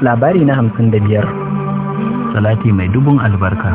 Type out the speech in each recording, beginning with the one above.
labari na hamsin da biyar salati mai dubun albarka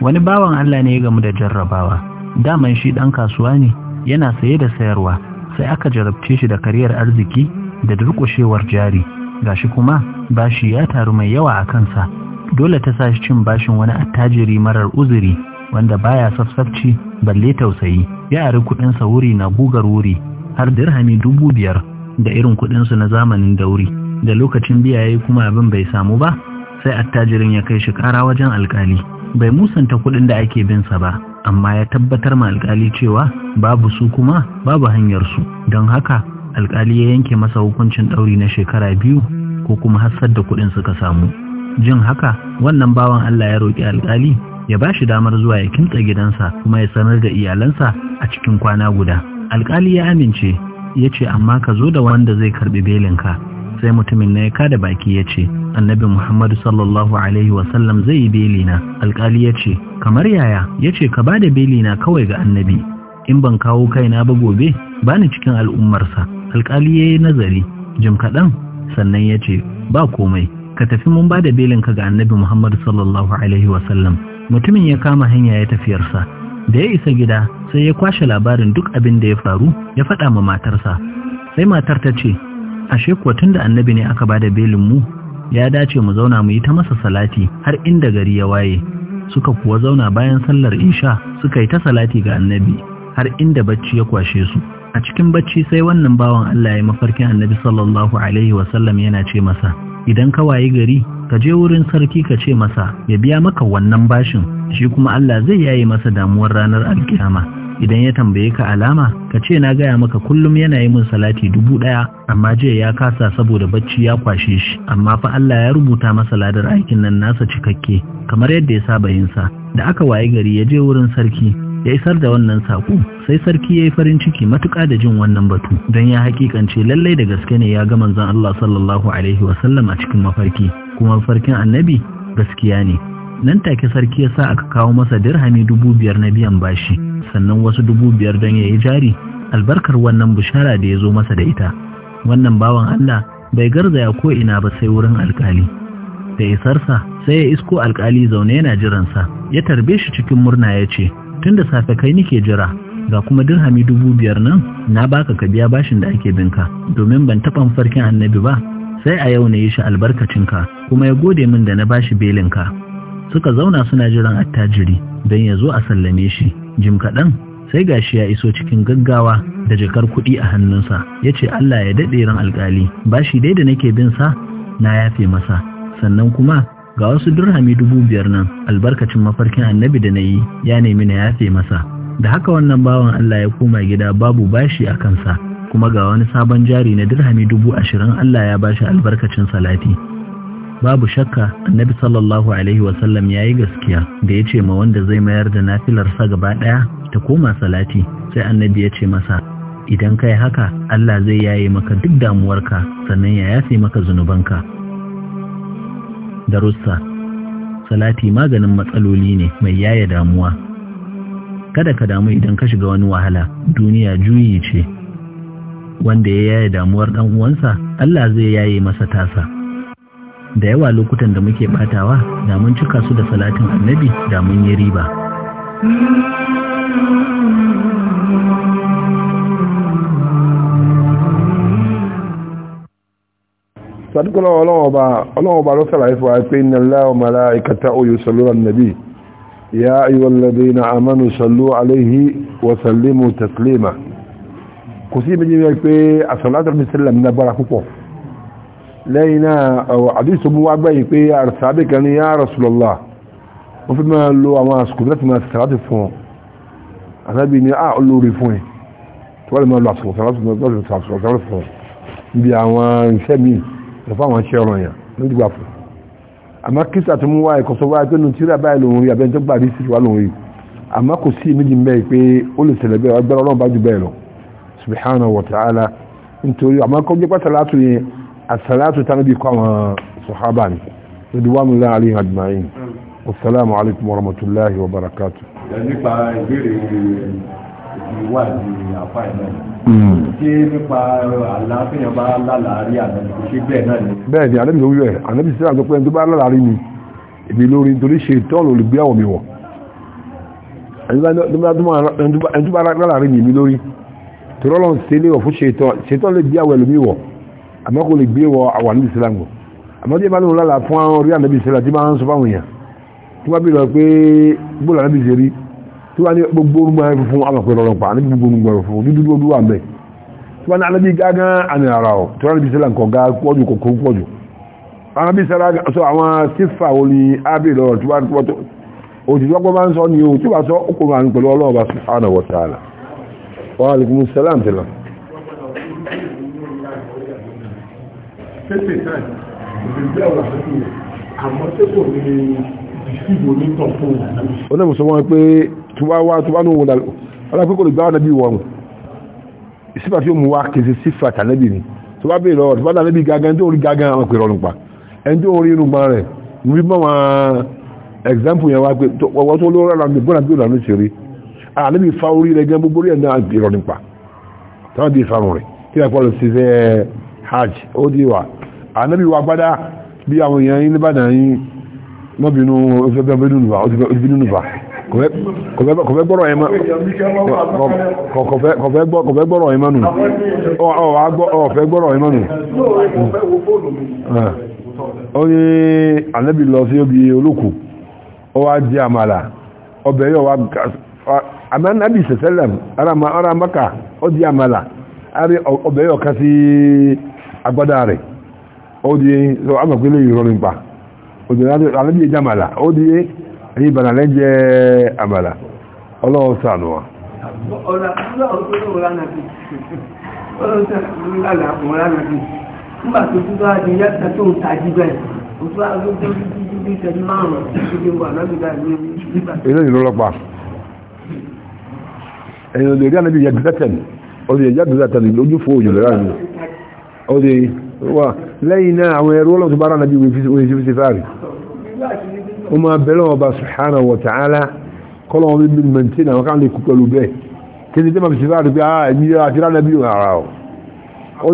wani bawan Allah ne ya gamu da jarrabawa daman shi ɗan kasuwa ne yana saye da sayarwa sai aka jarabce shi da kariyar arziki da durƙushewar jari gashi kuma bashi ya taru mai yawa a kansa dole ta sa shi cin bashin wani attajiri marar uzuri wanda baya safsafci balle tausayi ya ari kuɗinsa wuri na gugar wuri har dirhami dubu biyar da irin kuɗinsu na zamanin dauri da lokacin biya ya yi kuma abin bai samu ba sai attajirin ya kai shi ƙara wajen alkali bai musanta kuɗin da ake binsa ba amma ya tabbatar ma alkali cewa babu su kuma babu hanyar su don haka alkali ya yanke masa hukuncin ɗauri na shekara biyu ko kuma hassar da kuɗin suka samu jin haka wannan bawan Allah ya roƙi alkali ya ba shi damar zuwa ya kintsa gidansa kuma ya sanar da iyalansa a cikin kwana guda alkali ya amince ya ce amma ka zo da wanda zai karbi belinka sai mutumin na ya kada baki ya ce annabi muhammadu sallallahu alaihi wasallam zai yi belina alkali ya ce kamar yaya ya ce ka ba da belina kawai ga annabi in ban kawo kaina ba gobe ba ni cikin al'ummarsa alkali ya yi nazari jim kaɗan sannan ya ce ba komai ka tafi mun ba da belinka ga annabi muhammadu sallallahu alaihi wasallam mutumin ya kama hanya ya tafiyarsa da ya isa gida sai ya kwashe labarin duk abin da ya faru ya faɗa ma matarsa sai matar ta ce ashe kuwa tun da annabi ne aka bada belin mu ya dace mu zauna mu yi ta masa salati har inda gari ya waye suka kuwa zauna bayan sallar isha suka yi ta salati ga annabi har inda bacci ya kwashe su a cikin bacci sai wannan bawan Allah ya mafarkin annabi sallallahu alaihi wasallam yana ce masa idan ka waye gari ka je wurin sarki ka ce masa ya biya maka wannan bashin shi kuma Allah zai yaye masa damuwar ranar alkiyama idan ya tambaye ka alama ka ce na gaya maka kullum yana yi min salati dubu ɗaya amma jiya ya kasa saboda bacci ya kwashe shi amma fa Allah ya rubuta masa ladar aikin nan nasa cikakke kamar yadda ya saba yin sa da aka waye gari ya je wurin sarki ya isar da wannan sako sai sarki ya yi farin ciki matuƙa da jin wannan batu don ya hakikance lallai da gaske ne ya ga manzon Allah sallallahu alaihi wasallam a cikin mafarki kuma mafarkin annabi gaskiya ne nan take sarki ya sa aka kawo masa dirhami dubu biyar na biyan bashi sannan wasu dubu biyar don ya yi jari albarkar wannan bishara da ya zo masa da ita wannan bawan Allah bai garzaya ko ina ba sai wurin alkali da isarsa sai ya isko alkali zaune yana jiransa ya tarbe shi cikin murna ya ce tun da safe kai nike jira ga kuma dirhami dubu biyar nan na baka ka biya bashin da ake binka domin ban taɓa mafarkin annabi ba sai a yau na yi shi albarkacinka kuma ya gode min da na bashi belinka suka zauna suna jiran attajiri don ya zo a sallame shi jim kaɗan sai gashi ya iso cikin gaggawa da jakar kuɗi a hannunsa ya ce Allah ya daɗe ran alƙali ba shi dai da nake bin sa na yafe masa sannan kuma ga wasu durhami dubu biyar nan albarkacin mafarkin annabi da na yi ya nemi na yafe masa da haka wannan bawan Allah ya koma gida babu bashi a kansa kuma ga wani sabon jari na durhami dubu ashirin Allah ya bashi albarkacin salati babu shakka annabi sallallahu alaihi wasallam ya yi gaskiya da ya ce ma wanda zai mayar da nafilarsa gaba ɗaya ta koma salati sai annabi ya ce masa idan kai haka Allah zai yaye maka duk damuwarka sannan ya yafe maka zunubanka darussa salati maganin matsaloli ne mai yaye damuwa kada ka damu idan ka shiga wani wahala duniya juyi ce wanda ya yaye damuwar dan uwansa Allah zai yaye masa tasa da yawa lokutan da muke batawa da mun cika su da salatin annabi da mun yi riba sadukuna ọlọ́ọ̀ba ọlọ́ọ̀ba ló sàlàyé pé iná láwọ mara ikata oyo salluwa nabi ya ayyọ́lẹ́dẹ́ na amánu sallu aléhi wa salimu taslima kò sí méjì a salatar látàrí na nígbàra púpọ̀ lẹ́yìn náà àdísò mú wá gbẹ̀yìn pé àrẹ̀sàbẹ̀ kan ní yá Rasulullah wọ́n fi máa lo àwọn àsìkò láti máa sàrátì fún ọ àtàbí ní à olóore fún ẹ tó wà lè máa lo àsìkò sàrátì fún ọ níbi àwọn iṣẹ́ míì lọ fún àwọn iṣẹ́ ọ̀rọ̀ yẹn ló dìgbà fún àmọ́ kíṣà tó mú wá ẹ̀kọ́ sọ wáyé pé nu tíra báyìí lòun rí abẹ́ni tó gbà rí síwá lòun rí àmọ́ kò sí méjì mẹ́ pé ó lè ṣẹlẹ̀ bẹ́ẹ̀ agbára Ọlọ́run الصلاة تنبي قام صحابان رضوان الله عليهم أجمعين والسلام عليكم ورحمة الله وبركاته nípa ìbéèrè ìwádìí àpá ìlànà hmm. ṣé nípa àlàáfíà bá lálàárí ànábì kò ṣe bẹ́ẹ̀ náà ni. bẹ́ẹ̀ ni ànábì ló wí rẹ̀ ànábì sí àjọ pé ẹni tó bá lálàárí ni èmi lórí nítorí ṣe tọ́ọ̀lù olùgbé àwọn mi wọ̀ ẹni tó bá lálàárí ni èmi lórí tọ́lọ́lọ́ ṣe lé wọ̀ fún ṣe tọ́ọ̀lù olùgbé àwọn ẹlòmí àmọ́ kò lè gbé wọ àwọn àníbi sílá ń gbọ́ àmọ́ tí ẹ bá lóun lálàá fún àwọn orí àníbi sílá tí máa ń sọ fáwọn èèyàn tí wọ́n bí lọ pé gbọ́dọ̀ àníbi ṣe rí tí wọ́n ní gbogbo orúgbà fún àwọn àpẹẹrẹ ọ̀rọ̀ pa àníbi gbogbo orúgbà fún ní dúdú olúwa mẹ́ tí wọ́n ní àníbi gágán àmì ara ọ̀ tí wọ́n níbi sílá nǹkan gá pọ̀jù kòkó pọ̀jù àníbi sílá sọ àwọn sífà oní ábìlì ọ̀rọ̀ tí wọ́n òtítọ́ pọ́ bá ń sọ ní o tí wọ́n sọ okùnrin àmì pẹ̀lú ọlọ́ọ̀bá subhanahu wa ta'ala wa tẹ́tẹ̀ náà ìgbésí àwọn àti àmọ́ tẹ́tẹ̀ òní ìṣìbò ní tọ̀fún wọn náà sọ wọn pé tó bá wá tó bá nù wọn dàlú lè gbáwọn nàbí wọn sífà tí ó mú wá kèsì sífà tànẹ́bì ni tó bá bèèrè ọ̀rọ̀ tó bá tànẹ́bì gangan tó rí gangan àwọn pèrọ̀ nípa ẹni tó rí irun gbọ́n rẹ̀ rí mọ́ wọn example yẹn wá pé ọwọ́ tó lóra ra gbọ́n àbí òlànà ṣe rí ànẹ́bì fa orí rẹ̀ gan gbogbo rí ẹ̀ náà pèrọ̀ nípa táwọn bí ìfarun rẹ̀ kí hajj ó di wà ànábì wa gbádá bí àwọn èèyàn yìí níbàdàn yìí mọ́bìnú ọ̀fẹ́bẹ̀bẹ̀nú nùbà kọ̀fẹ́ lọ sí obi olókù ó wá àmàlà ọbẹ̀ yóò wá àmà nàbì sẹ̀sẹ̀lẹ̀m ara maka ó àmàlà ọbẹ̀ yóò ká agbada rẹ̀ ó di so amọ̀pínlẹ̀ pa òdì alábíyẹ jẹ́ ó di ẹ̀yìn ìbànàlẹ́ jẹ́ àmàlà ọlọ́wọ́ sànù wa ilé ìlọ́lọ́pàá ẹ̀yìn òdì orí ànábì yẹ gbẹ́tẹ̀ni ó di yẹ gbẹ́tẹ̀ni lójú fún òyìnbó rẹ̀ ọdẹ wà lẹ́yìn náà àwọn ẹrú ọlọ́tún bára nàbí wèjì fi fàárì o máa bẹ̀rẹ̀ ọba subhanahu wa ta'ala kọ́lọ̀ wọn bí mẹ́ntín àwọn kan lè kú pẹ̀lú bẹ́ẹ̀ kí ni dẹ́mà fi fàárì pé a ẹ̀mí àti rá nàbí ara ọ̀ ó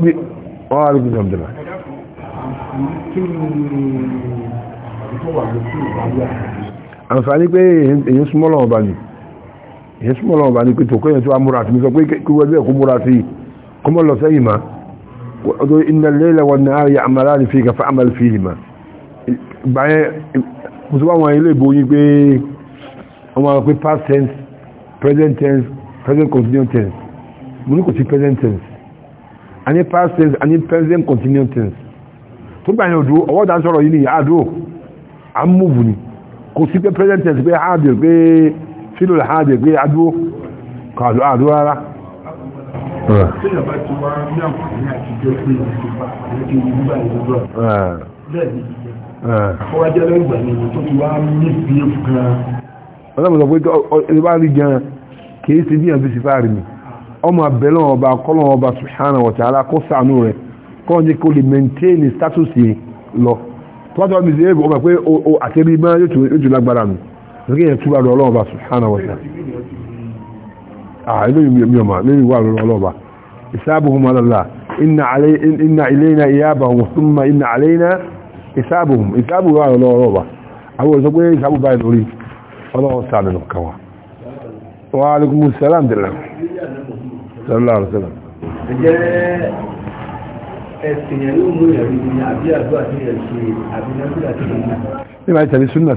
di lọ sẹ́yìn máa وقالوا إن الليل والنهار يعملان فيك فعمل فيهما بعدين kùsùgbà wọn ilé ìbò pé ọmọ àwọn past tense present tense present continuous tense mo sí present tense a ní past tense a ní present continuous tense tó gbà yẹn òdúró ọwọ́ ìdá sọ̀rọ̀ yìí ni àádó à ń múùbù ni kò sí pé present tense pé àádó pé fílò àádó pé àádó kàdó àádó rárá Ah. Téèyàn bá ti wá ní àǹfààní àtijọ́ pé ìjọba Ọmọ abẹ́lẹ̀ ah. ah. ọba kọ́lọ̀ ọba subhanahu wa ta'ala kó rẹ̀ kọ́ ní kó lè maintain status yìí lọ. Tọ́jọ́ mi sí ẹ̀bù ọmọ pé àtẹ́rí mọ́ yóò tún lágbára mi. Ìrìn ẹ̀ túbà lọ ọlọ́run ọba subhanahu wa àìlú ìmìọ̀mà lórí wà lórí ọlọ́ba ìsáàbùhùn alàlá iná iléna ìyábàhùn súnmà iná àléna ìsáàbùhùn ìsáàbùhùn wà lórí ọlọ́ba àwọn òṣèlú pé ìsáàbù báyìí lórí ọlọ́wọ́ sàmì nìkanwà wà alìkùnmù sàlám dìlà ní ìbá ti tẹ̀lé súnnà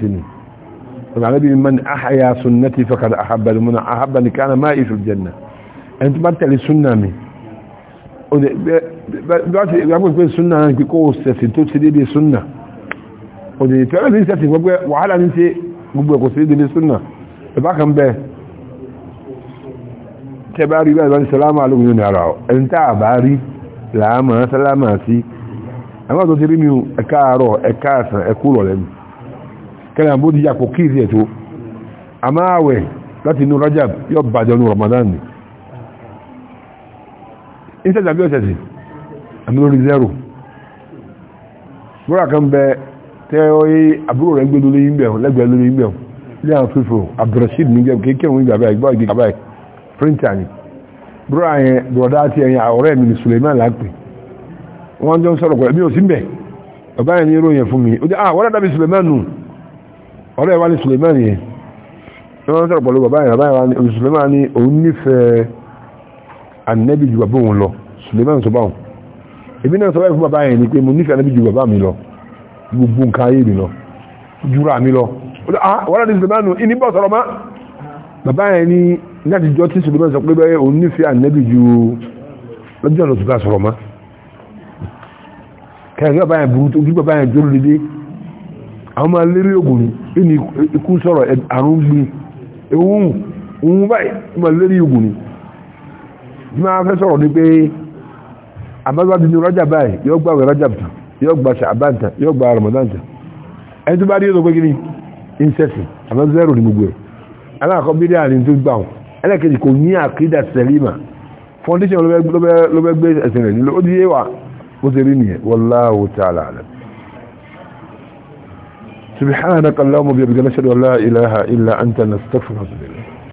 sí ni النبي من أحيا سنتي فقد أحب المنى أحبني كان مائي في الجنة أنت ما تلي سنة مي يقول كوي سنة أنك كو سيسي تو سيدي سنة ودي تعالى في سيسي وعلى أنت gbogbo ẹ̀kọ́ sí ìdílé súnà ìbákan bẹ́ẹ̀ tẹ́ bá rí bẹ́ẹ̀ bá ní sálámà alóhun ní ara ẹni tá a bá rí láàmà sálámà sí àwọn tó ti rí mi ẹ̀ka àárọ̀ ẹ̀ka àsàn ẹ̀kú lọ̀lẹ́nu kẹ́lẹ̀ àbó ti yàpò kí ìsì ẹ̀tọ́ a máa wẹ̀ láti inú Rajab yóò bàjẹ́ inú Ramadan ni ìṣẹ́jà bí ọ̀sẹ̀ sí àmì lórí zero bọ́ra kan bẹ tẹ́ ọ yé àbúrò rẹ̀ gbé lórí ìgbẹ̀ lẹ́gbẹ̀ẹ́ lórí ìgbẹ̀ ilé àwọn fífò Abdulrasheed ní gẹ̀ẹ́ kéèké òun ìgbàbẹ̀ ìgbà ìgbà ìgbà printer ni bọ́ra yẹn bọ̀dá ti ẹ̀yìn ọ̀rẹ́ mi ni Suleiman lápè wọ́n jọ ń sọ̀rọ̀ pẹ̀lú mi ò sí mbẹ̀ ọ̀bá yẹn ní ìròyìn fún mi ó dé ah wọ́n dàbí Suleiman nù ọ̀rẹ́ wa ní Suleiman yẹn ní wọ́n sọ̀rọ̀ pẹ̀lú bàbá yẹn bàbá yẹn ní Suleiman ní òun nífẹ̀ẹ́ Ànábì ju bàbá òun lọ Suleiman sọ báwọn èmi náà sọ báyìí fún bàbá yẹn ni pé mo nífẹ̀ẹ́ Ànábì ju bàbá mi lọ gbogbo nǹkan ayé mi lọ jura mi lọ ah, wọ́n láti Suleiman nù ìní bọ̀ sọ̀rọ̀ mọ́ bàbá yẹn ní láti jọ tí Suleiman sọ pé bẹ́ẹ̀ òun nífẹ̀ẹ́ Ànábì ju lọ́jọ́ ọ̀nà àwọn máa lérí ogun ní ikú sọ̀rọ̀ àrùn gbin ewúhùn òun báyìí máa lérí ogun ní bí máa fẹ́ sọ̀rọ̀ ní pé àbábá ti ní rọ́jà báyìí yóò gbà wẹ̀ rọ́jà tán yóò gbà ṣàbá tán yóò gbà ramadan tán ẹni tó bá rí ètò pé kí ni incest àbábá ní gbogbo ẹ̀ aláàkọ́ bí dáa ní tó gbà wọn ẹlẹ́kẹ̀ẹ́jì kò ní àkídà sẹ́límà foundation ló bẹ́ gbé ẹsẹ̀ rẹ̀ nílò ó di yé wa ó ti rí nìyẹn wallahu ta'ala alam سبحانك اللهم وبحمدك نشهد ان لا اله الا انت نستغفرك